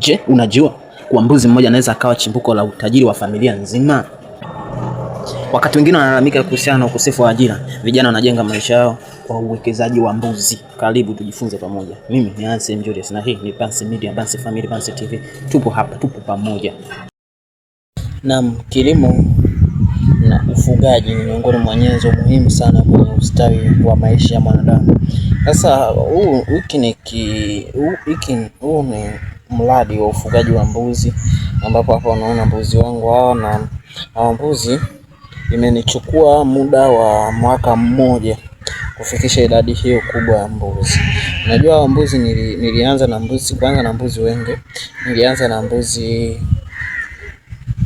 Je, unajua kuwa mbuzi mmoja anaweza akawa chimbuko la utajiri wa familia nzima? Wakati wengine wanalalamika kuhusiana na ukosefu wa ajira, vijana wanajenga maisha yao kwa uwekezaji wa mbuzi. Karibu tujifunze pamoja. Mimi ni Anse Julius na hii ni Banse Media, Banse Family, Banse TV. Tupo hapa, tupo pamoja. Naam, kilimo na ufugaji ni miongoni mwa nyenzo muhimu sana kwenye ustawi wa maisha ya mwanadamu. Sasa huu hiki ni huu ni mradi wa ufugaji wa mbuzi, ambapo hapa unaona mbuzi wangu hawa, na hawa mbuzi imenichukua muda wa mwaka mmoja kufikisha idadi hiyo kubwa ya mbuzi. Unajua hawa mbuzi nili, nilianza na mbuzi kwanza na mbuzi wengi, nilianza na mbuzi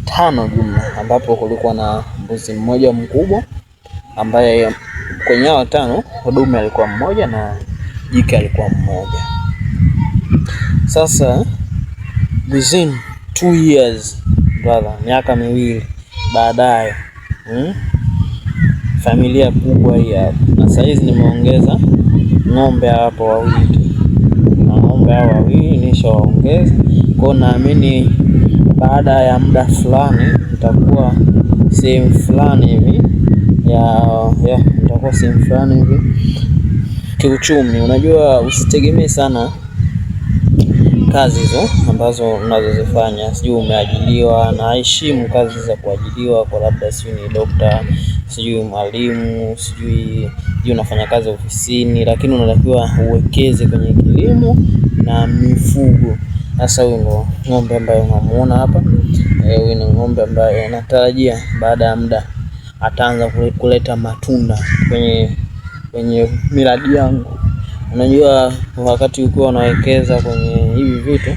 tano jumla, ambapo kulikuwa na mbuzi mmoja mkubwa ambaye kwenye hao tano dume alikuwa mmoja na jike alikuwa mmoja. Sasa within two years brother, miaka miwili baadaye hmm? Familia kubwa hii hapa, na saizi nimeongeza ng'ombe hapo wawili, na ng'ombe hao wawili nishawaongeza kwao. Naamini baada ya muda fulani nitakuwa sehemu fulani hivi ya, ya nitakuwa sehemu fulani hivi kiuchumi. Unajua, usitegemee sana kazi hizo ambazo unazozifanya, sijui umeajiliwa, na heshimu kazi za kuajiliwa kwa labda sijui ni dokta, sijui mwalimu, sijui unafanya kazi ofisini, lakini unatakiwa uwekeze kwenye kilimo na mifugo. Sasa huyu ndo ng'ombe ambaye unamuona hapa. E, huyu ni ng'ombe ambaye anatarajia baada ya muda ataanza kuleta matunda kwenye kwenye miradi yangu. Unajua wakati ukiwa unawekeza kwenye vitu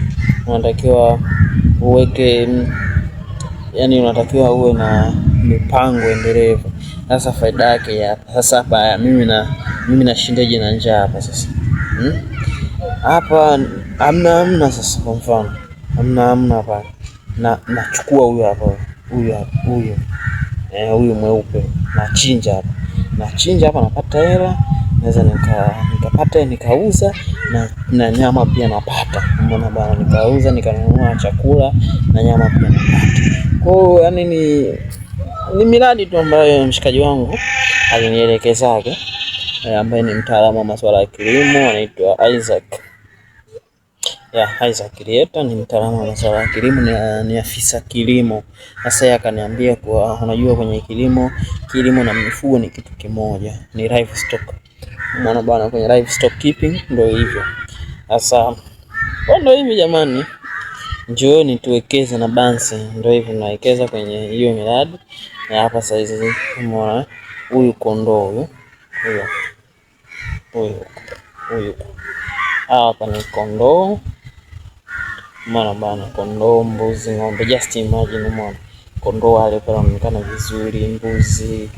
unatakiwa uweke, yani unatakiwa uwe na mipango endelevu. Sasa faida yake ya sasa hapa mimi na mimi nashindaje na njaa hapa sasa hmm? hapa hmm? amna amna sasa, kwa mfano amna amna hapa na nachukua huyu hapa huyu huyu eh, huyu mweupe nachinja hapa nachinja hapa napata hela naweza nikaa nikapata nikauza na, na nyama pia napata, mbona bana, nikauza nikanunua chakula na nyama pia napata. Kwa hiyo yani ni ni miradi tu ambayo mshikaji wangu alinielekezaga e, eh, ambaye ni mtaalamu wa masuala ya kilimo anaitwa Isaac ya Isaac Rieta ni mtaalamu wa masuala ya kilimo ni, ni afisa kilimo. Sasa yeye akaniambia kuwa unajua, kwenye kilimo kilimo na mifugo ni kitu kimoja, ni livestock Umeona bwana, kwenye livestock keeping ndio hivyo sasa. Ndio hivi jamani, njooni tuwekeze na Bansi. Ndio hivi tunawekeza kwenye hiyo miradi na hapa saizi umeona huyu kondoo huyu huyo huyo huyu hapa ni kondoo, umeona bwana, kondoo, mbuzi, ng'ombe, just imagine, umeona kondoo wale pale wanaonekana vizuri, mbuzi,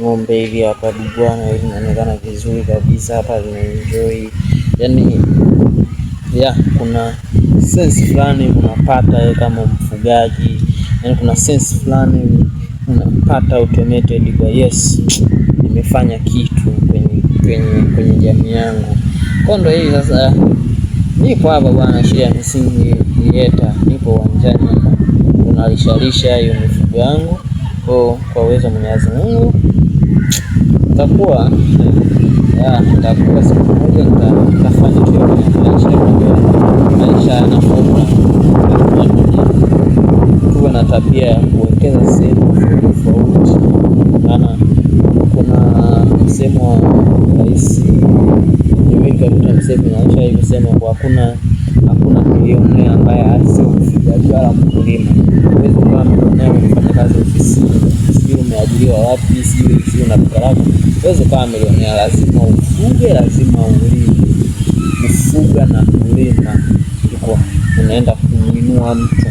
ng'ombe hivi hapa, bwana hivi inaonekana vizuri kabisa hapa, tunaenjoy yani yeah, kuna sense fulani unapata wewe kama mfugaji yani, kuna sense fulani unapata automated kwa yes, nimefanya kitu kwenye kwenye kwenye jamii yangu. Kondo hii sasa, nipo hapa bwana, shule ya msingi Ieta, nipo uwanjani alishalisha hiyo mifugo yangu kwa kwa uwezo wa Mwenyezi Mungu nitakuwa nitakuwa siku moja nitafanikiwa maisha maisha na fursa. Tuwe na tabia ya kuwekeza sehemu tofauti, maana kuna msemo wa rais Kaguta Museveni alishawahi kusema kwa hakuna hakuna bilionea ambaye asio mfugaji wala mkulima. wapi, si sijui unatoka wapi. Uweze kama milionea, lazima ufuge, lazima ulime. Kufuga na kulima uko unaenda kumwinua mtu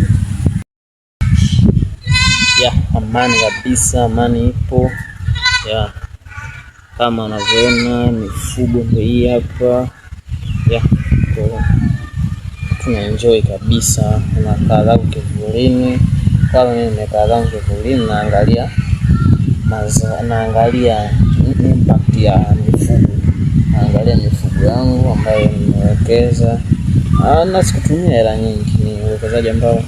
ya amani kabisa. Amani ipo ya kama unavyoona, mifugo ndio hii hapa ya tuna enjoy kabisa, unakaa zako kivulini kama mimi nimekaa zangu kivulini naangalia naangalia impact ya mifugo, naangalia mifugo yangu ambayo nimewekeza, ah, na sikutumia hela nyingi. Ni uwekezaji ambao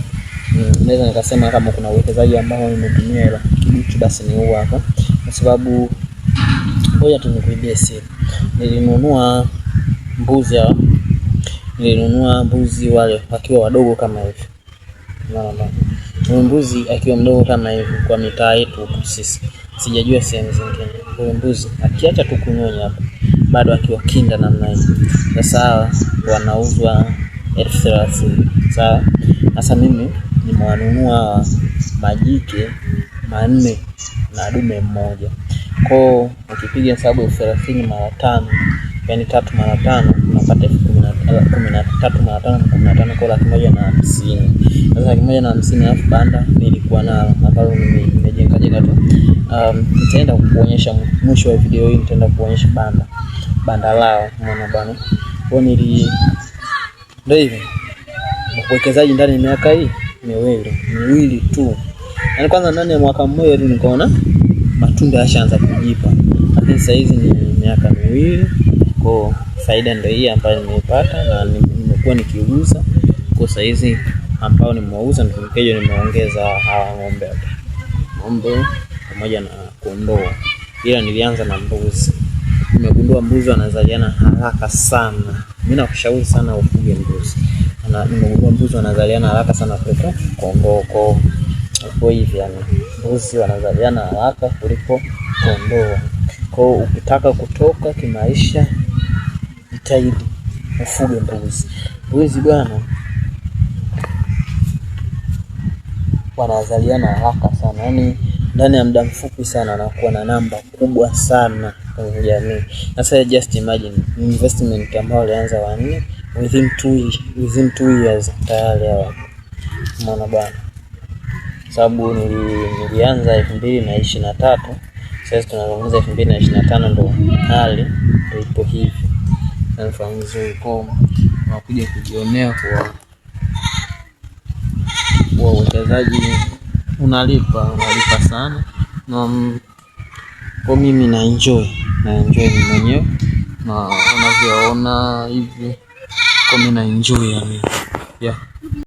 naweza nikasema kama kuna uwekezaji ambao nimetumia hela kibichi, basi ni huu hapa, kwa sababu ngoja tu nikuibie siri, nilinunua mbuzi hawa, nilinunua mbuzi wale wakiwa wadogo kama hivi mbuzi akiwa mdogo kama hivi kwa mitaa yetu huku sisi sijajua sehemu zingine. Huyo mbuzi akiacha tu kunyonya hapo, bado akiwa kinda namna hiyo, sasa hawa wanauzwa elfu thelathini sawa. Sasa mimi nimewanunua majike manne na dume mmoja kwao, ukipiga hesabu elfu thelathini mara tano yani tatu mara tano unapata elfu kumi na eh, tatu mara tano kumi na tano kwa laki moja na hamsini. Sasa laki moja na hamsini alafu banda nilikuwa nalo ambalo jenga tu um, nitaenda kuonyesha mwisho wa video hii, nitaenda kuonyesha banda banda lao, umeona bwana. Kwa nili ndio hivi mwekezaji ndani ya miaka hii miwili miwili tu, yaani kwanza ndani ya mwaka mmoja tu nikaona matunda yashaanza kujipa, lakini sasa hizi ni miaka miwili kwa faida ndio hii ambayo nimeipata na nimekuwa nikiuza kwa sasa hizi ambao nimeuza ndio nimeongeza hawa ng'ombe hapa ng'ombe pamoja na kondoo, ila nilianza na mbuzi. Nimegundua mbuzi wanazaliana haraka sana. Mimi nakushauri sana ufuge mbuzi, na nimegundua mbuzi wanazaliana haraka sana kuliko kondoo. Kwa hivyo hivi, yani, mbuzi wanazaliana haraka kuliko kondoo. Kwa hiyo ukitaka kutoka kimaisha, jitahidi ufuge mbuzi. Mbuzi bwana wanazaliana haraka sana yani ndani ya muda mfupi sana anakuwa na namba kubwa sana kwenye jamii. Sasa just imagine investment ambayo alianza wanne within two, within two years tayari hawa mwana bwana, sababu nilianza elfu mbili na ishirini na tatu sasa tunazungumza elfu mbili na ishirini na tano ndo hali ndo ipo hivi vizuri kwa unakuja kujionea kwa uwekezaji unalipa unalipa sana na mm, kwa mimi na enjoy na enjoy mimi mwenyewe na unavyoona hivi kwa mimi na enjoy yani yeah.